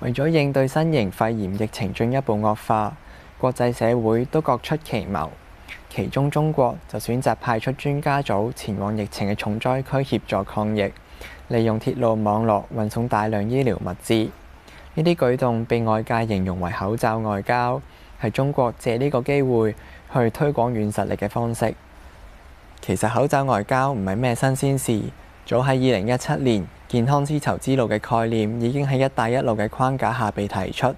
為咗應對新型肺炎疫情進一步惡化，國際社會都各出奇謀，其中中國就選擇派出專家組前往疫情嘅重災區協助抗疫，利用鐵路網絡運送大量醫療物資。呢啲舉動被外界形容為口罩外交，係中國借呢個機會去推廣軟實力嘅方式。其實口罩外交唔係咩新鮮事，早喺二零一七年，健康絲綢之路嘅概念已經喺一帶一路嘅框架下被提出，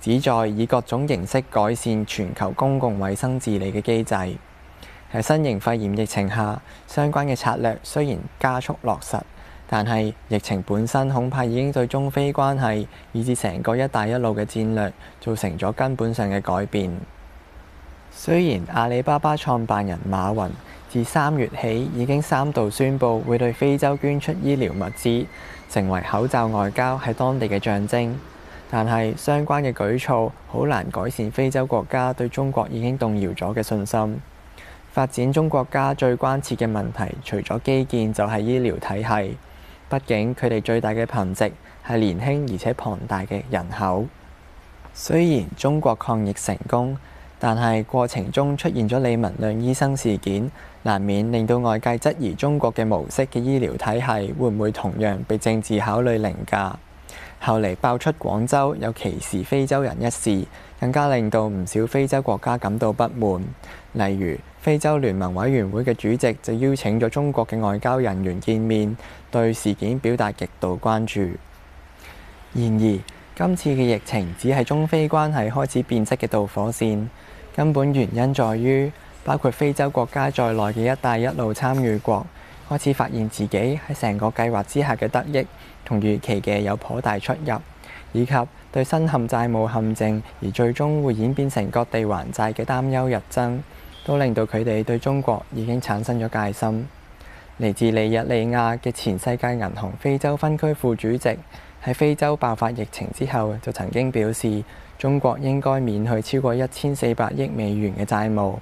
旨在以各種形式改善全球公共衛生治理嘅機制。喺新型肺炎疫情下，相關嘅策略雖然加速落實，但係疫情本身恐怕已經對中非關係以至成個一帶一路嘅戰略造成咗根本上嘅改變。雖然阿里巴巴創辦人馬雲。自三月起，已經三度宣布會對非洲捐出醫療物資，成為口罩外交係當地嘅象徵。但係相關嘅舉措，好難改善非洲國家對中國已經動搖咗嘅信心。發展中國家最關切嘅問題除咗基建，就係醫療體系。畢竟佢哋最大嘅貧瘠係年輕而且龐大嘅人口。雖然中國抗疫成功。但係過程中出現咗李文亮醫生事件，難免令到外界質疑中國嘅模式嘅醫療體系會唔會同樣被政治考慮凌駕。後嚟爆出廣州有歧視非洲人一事，更加令到唔少非洲國家感到不滿。例如，非洲聯盟委員會嘅主席就邀請咗中國嘅外交人員見面，對事件表達極度關注。然而，今次嘅疫情只係中非關係開始變質嘅導火線，根本原因在於包括非洲國家在內嘅一帶一路參與國開始發現自己喺成個計劃之下嘅得益同預期嘅有頗大出入，以及對身陷債務陷阱而最終會演變成各地還債嘅擔憂日增，都令到佢哋對中國已經產生咗戒心。嚟自尼日利亞嘅前世界銀行非洲分區副主席，喺非洲爆發疫情之後，就曾經表示中國應該免去超過一千四百億美元嘅債務。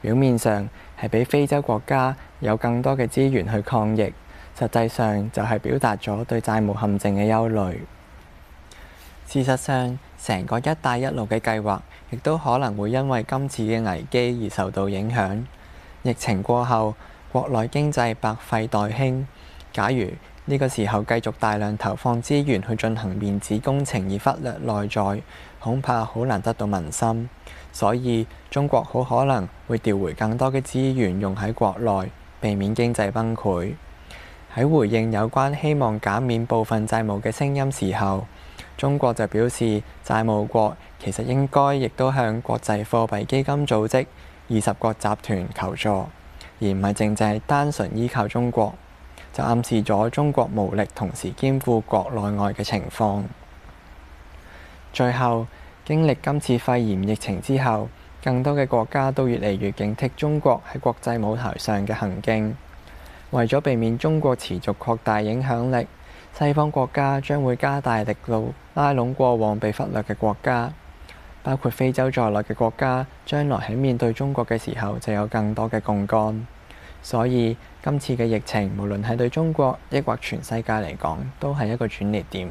表面上係俾非洲國家有更多嘅資源去抗疫，實際上就係表達咗對債務陷阱嘅憂慮。事實上，成個一帶一路嘅計劃亦都可能會因為今次嘅危機而受到影響。疫情過後，國內經濟百廢待興，假如呢個時候繼續大量投放資源去進行面子工程，而忽略內在，恐怕好難得到民心。所以中國好可能會調回更多嘅資源用喺國內，避免經濟崩潰。喺回應有關希望減免部分債務嘅聲音時候，中國就表示，債務國其實應該亦都向國際貨幣基金組織二十國集團求助，而唔係淨係單純依靠中國。就暗示咗中國無力，同時兼顧國內外嘅情況。最後，經歷今次肺炎疫情之後，更多嘅國家都越嚟越警惕中國喺國際舞台上嘅行徑。為咗避免中國持續擴大影響力，西方國家將會加大力度拉攏過往被忽略嘅國家，包括非洲在內嘅國家，將來喺面對中國嘅時候就有更多嘅槓桿。所以今次嘅疫情，無論係對中國抑或全世界嚟講，都係一個轉捩點。